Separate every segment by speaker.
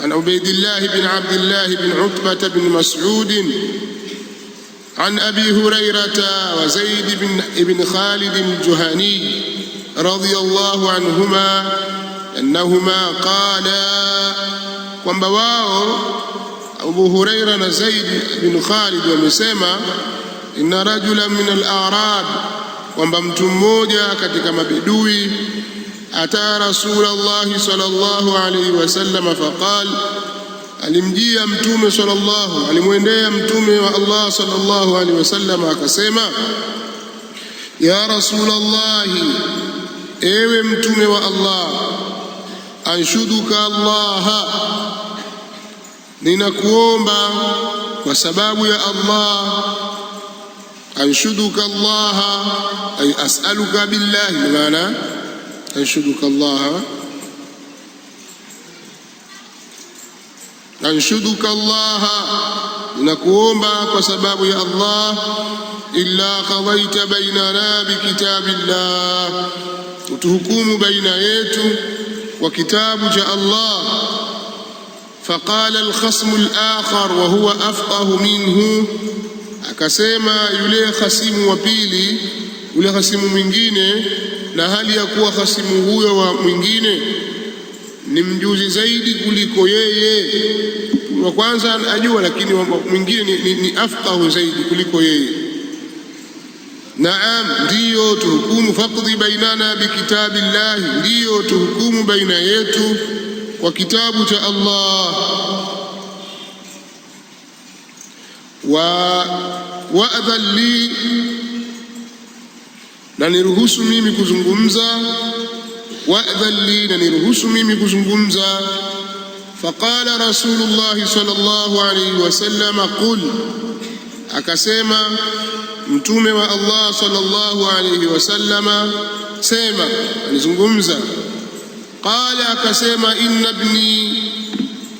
Speaker 1: عن عبيد الله بن عبد الله بن عتبة بن مسعود عن أبي هريرة وزيد بن, بن خالد الجهني رضي الله عنهما أنهما قالا kwamba أبو هريرة وزيد بن خالد ومسيما إن رجلا من الأعراب kwamba mtu mmoja katika ata rasula llahi sallallahu alayhi wasallam faqal, alimjia mtume sallallahu, alimwendea mtume wa Allah sallallahu alayhi wasallam akasema: ya rasula llahi, ewe mtume wa Allah, anshuduka Allaha, ninakuomba kwa sababu ya Allah anshuduka Allaha ay asaluka billahi, maana anshuduka Allah anshuduka Allah, nakuomba kwa sababu ya Allah. Illa qadaita bainana bikitabillah, utuhukumu baina yetu kwa kitabu cha Allah. Faqala alkhasmu alakhar wa huwa afqahu minhu, akasema yule khasimu wa pili, yule khasimu mwingine na hali ya kuwa khasimu huyo wa mwingine ni mjuzi zaidi kuliko yeye. Wa kwanza ajua, lakini mwingine ni, ni, ni afqahu zaidi kuliko yeye. Naam, ndiyo tuhukumu. Faqdi bainana bikitabi llahi, ndiyo tuhukumu baina yetu kwa kitabu cha Allah. wa wadhalli na niruhusu mimi kuzungumza, wadhan li, na niruhusu mimi kuzungumza. Faqala Rasulullahi sallallahu alayhi wasallam qul, akasema Mtume wa Allah sallallahu alayhi wasallama, sema, alizungumza. Qala, akasema inna bni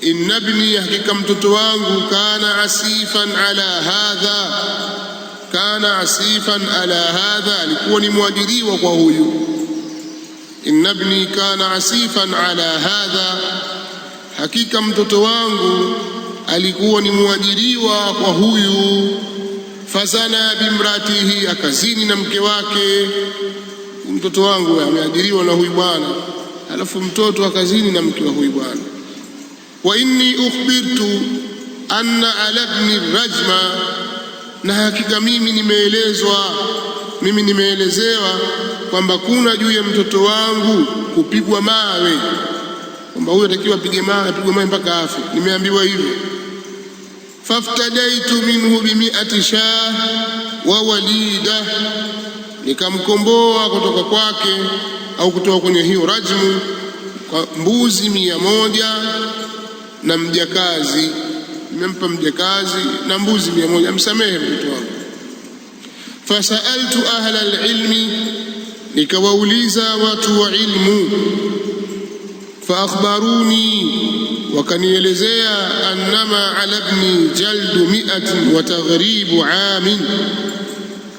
Speaker 1: inna bni, hakika mtoto wangu, kana asifan ala hadha kana asifan ala hadha, alikuwa ni mwajiriwa kwa huyu. Inna ibni kana asifan ala hadha, hakika mtoto wangu alikuwa ni mwajiriwa kwa huyu. Fazana bimratihi, akazini na mke wake. Mtoto wangu ameajiriwa na huyu bwana, alafu mtoto akazini na mke wa huyu bwana. Wa inni ukhbirtu anna ala ibni rajma na hakika mimi nimeelezwa, mimi nimeelezewa kwamba kuna juu ya mtoto wangu kupigwa mawe, kwamba huyo atakiwa apige mawe, apigwe mawe mpaka afe. Nimeambiwa hivyo. faftadaitu minhu bimiati shah wa walida, nikamkomboa kutoka kwake au kutoka kwenye hiyo rajmu kwa mbuzi mia moja na mjakazi nimempa mjakazi na mbuzi mia moja, msamehe mtoto wangu. fasaaltu ahla lilmi nikawauliza watu wa ilmu. Faakhbaruni, wakanielezea annama ala ibni jaldu miatin wa taghribu amin,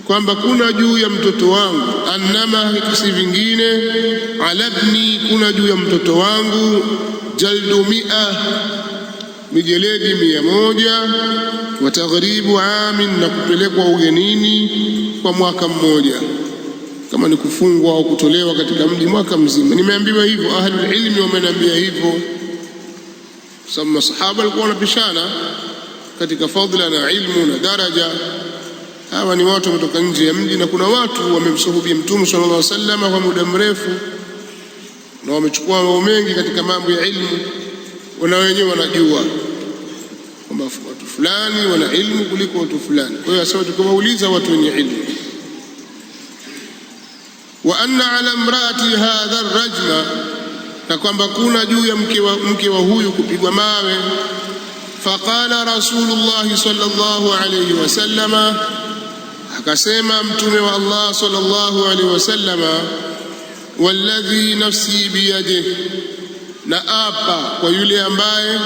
Speaker 1: kwamba kuna juu ya mtoto wangu annama, si vingine, ala ibni, kuna juu ya mtoto wangu jaldu mia mijeledi mia moja wa taghribu amin, na kupelekwa ugenini kwa mwaka mmoja, kama ni kufungwa au kutolewa katika mji mwaka mzima. Nimeambiwa hivyo, ahli ilmi wameniambia hivyo, kwa sababu masahaba walikuwa wanapishana katika fadhila na ilmu na daraja. Hawa ni watu wametoka nje ya mji, na kuna watu wamemsuhubia Mtume sallallahu alaihi wasallam kwa muda mrefu na wamechukua mambo mengi katika mambo ya ilmu na wenyewe wanajua kwamba watu fulani wana ilmu kuliko watu fulani. Kwa hiyo asema tukiwauliza watu wenye ilmu, wa anna ala imraati hadha rajma, na kwamba kuna juu ya mke wa, mke wa huyu kupigwa mawe. Faqala Rasulullahi sallallahu alayhi wasallama, akasema mtume wa Allah sallallahu alayhi wasallama, walladhi nafsi biyadihi na apa kwa yule ambaye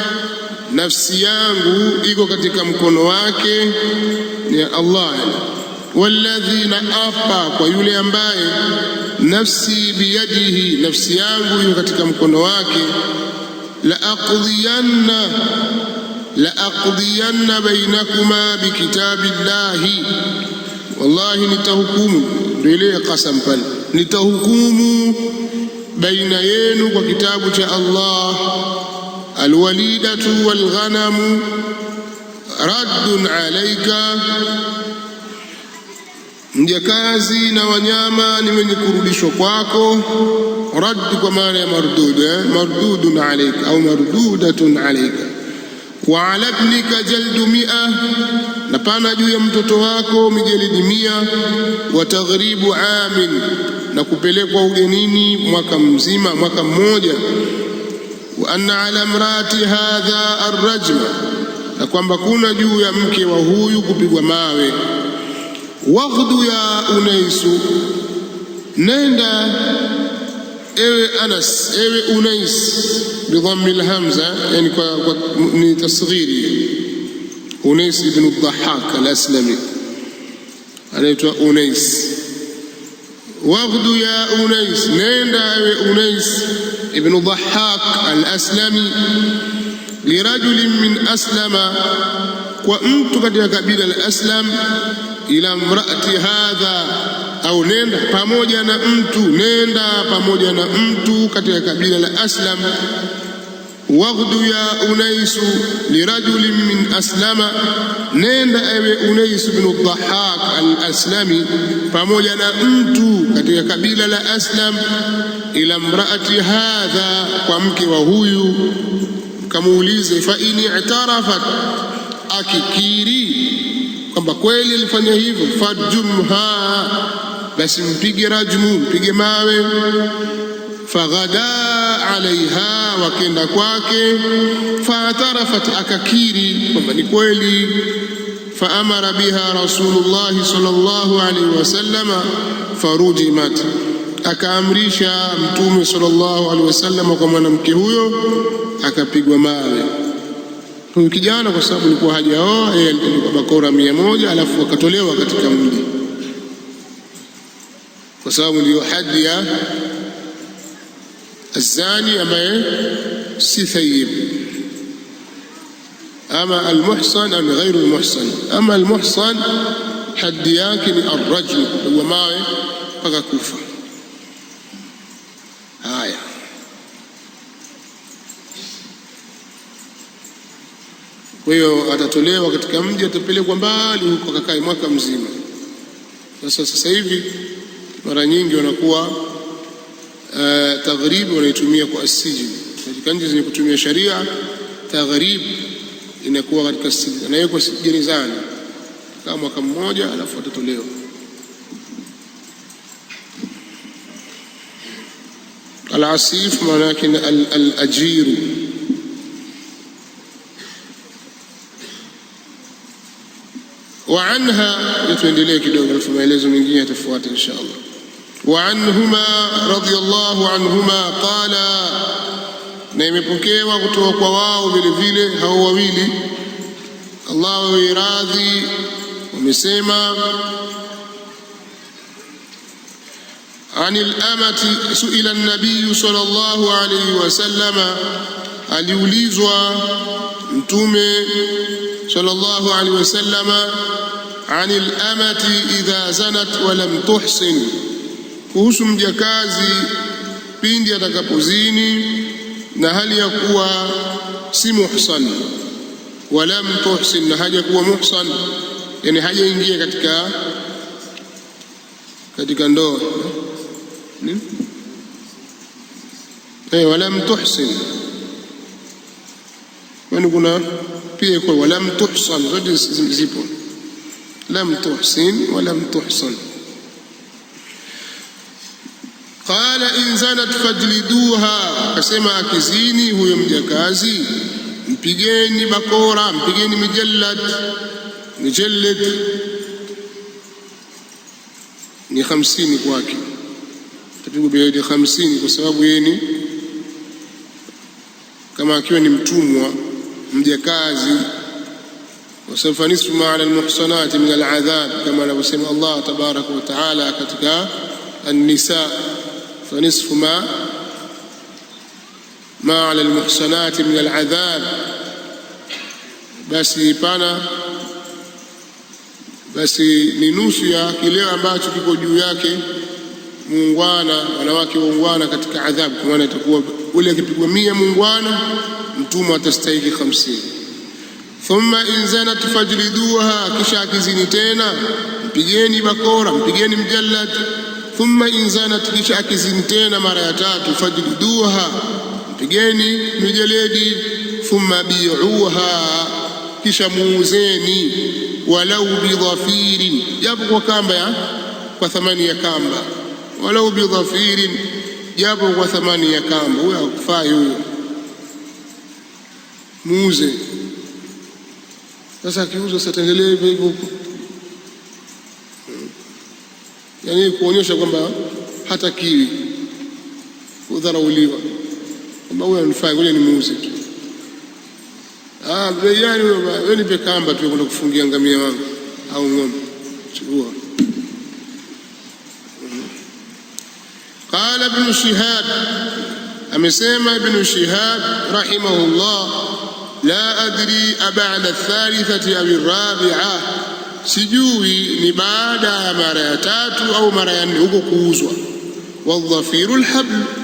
Speaker 1: nafsi yangu iko katika mkono wake, ni Allah. Walladhi, na apa kwa yule ambaye nafsi biyadihi, nafsi yangu iko katika mkono wake. La aqdiyanna la aqdiyanna bainakuma bikitabi llahi, wallahi nitahukumu. Ndio ile kasam pale, nitahukumu baina yenu kwa kitabu cha Allah, alwalidatu walghanamu raddun alaika, mjakazi na wanyama ni wenye kurudishwa kwako. Raddu kwa maana ya mardud, eh? mardudun alaika au mardudatun alaika. Wa ala ibnika jaldu mia, na pana juu ya mtoto wako mijelidi mia. Wa taghribu amin na kupelekwa ugenini mwaka mzima, mwaka mmoja. Wa anna ala mrati hadha arrajma, na kwamba kuna juu ya mke wa huyu kupigwa mawe. Waghdu ya Unaisu, nenda ewe Anas, ewe Unais bidhammi lhamza, yani kwa, kwa ni tasghiri. Unais ibn Dhahak al-Aslami anaitwa Unais waghdu ya Unais, nenda ewe Unais ibn Dhahhak al-Aslami, lirajulin min aslama, kwa mtu katika kabila la Aslam, ila mraati hadha, au nenda pamoja na mtu, nenda pamoja na mtu katika kabila la Aslam waghdu ya unaisu lirajulin min aslama, nenda ewe Unaisu bnu Dhahak al-Aslami pamoja na mtu katika kabila la Aslam, ila mraati hadha, kwa mke wa huyu kamuulize, fa in i'tarafat, akikiri kwamba kweli alifanya hivyo, farjumha, basi mpige rajmu, mpige mawe faghada alaiha, wakenda kwake. Faatarafat, akakiri kwamba ni kweli. Faamara biha Rasulullahi sallallahu alaihi wasallama, farujimat, akaamrisha Mtume sallallahu alaihi wasallama kwa mwanamke huyo akapigwa mawe. Huyu kijana kwa sababu alikuwa hajaoa, yeye alipelekwa bakora mia moja alafu akatolewa katika mji, kwa sababu ndiyo hadi ya azani ambaye si thayib, ama almuhsan am ghairu almuhsan. Ama almuhsan haddi yake ni arrajmu, kupigwa mawe mpaka kufa. Haya, kwa hiyo atatolewa katika mji, atapelekwa mbali huko, akakae mwaka mzima. Sasa sasa hivi mara nyingi wanakuwa آه، تغريب وليتمية السجن كنجي زي يعني كتمية شريعة تغريب إن كوا غير كأسجن أنا يكو سجنزان كما كم موجة على فتة ليو العسيف ولكن الأجير وعنها يتوين ديليك دوغل فما يلزم إن شاء الله waanhuma radhiyallahu anhuma qala, na imepokewa kutoka kwa wao vile vile hao wawili Allah wawe radhi, wamesema anil amati suila nabiyu sallallahu alayhi wasallama, aliulizwa Mtume sallallahu alayhi wasallama anil amati idha zanat walam tuhsin kuhusu mjakazi pindi atakapozini na hali ya kuwa si muhsan wala mtuhsin, na haja kuwa muhsan, yani hajaingia katika katika ndoa hey, eh, wala mtuhsin, kwani kuna pia kwa wala mtuhsan, zote zipo, lam tuhsin wala mtuhsan qala in fajliduha, akasema akizini huyo mjakazi mpigeni bakora, mpigeni mijallat mijallat ni hamsini kwake, tapigwa biaidi hamsini kwa sababu yeye ni kama akiwa ni mtumwa mjakazi. Wasawfa nisfu ma ala almuhsanati min aladhab, kama anavyosema Allah tabaraka wa taala katika an fanisfu ma ma ala lmuhsanati min aladhab, basi pana basi ni nusu ya kile ambacho kiko juu yake muungwana, wanawake waungwana katika adhabu. Kwa maana itakuwa ule akipigwa mia muungwana, mtumwa atastahili 50. Thumma in fajliduha, kisha akizini tena mpigeni bakora, mpigeni mjallad thumma inzanat, kisha tena mara ya tatu, fajliduha, mpigeni mijeledi, thumma biuha, kisha muuzeni, walau bidhafirin, japo kwa kamba ya kwa thamani ya kamba, walau bidhafirin, japo kwa thamani ya kamba. Huyo hakufai huyo, muuze. Sasa akiuzwa, sasa tendelee hivyo hivyo huko yani kuonyesha kwamba hata kiwi kudharauliwa, kwamba huyu anifai, ngoja nimuuze tu, ah, bei yani, Wewe nipe kamba tu kwenda kufungia ngamia wangu au ng'ombe, chukua. Qala Ibn Shihab, amesema Ibn Shihab rahimahullah, la adri abada thalithati aw rabi'ah sijui ni baada ya mara ya tatu au mara ya nne huko kuuzwa. wadhafiru lhablu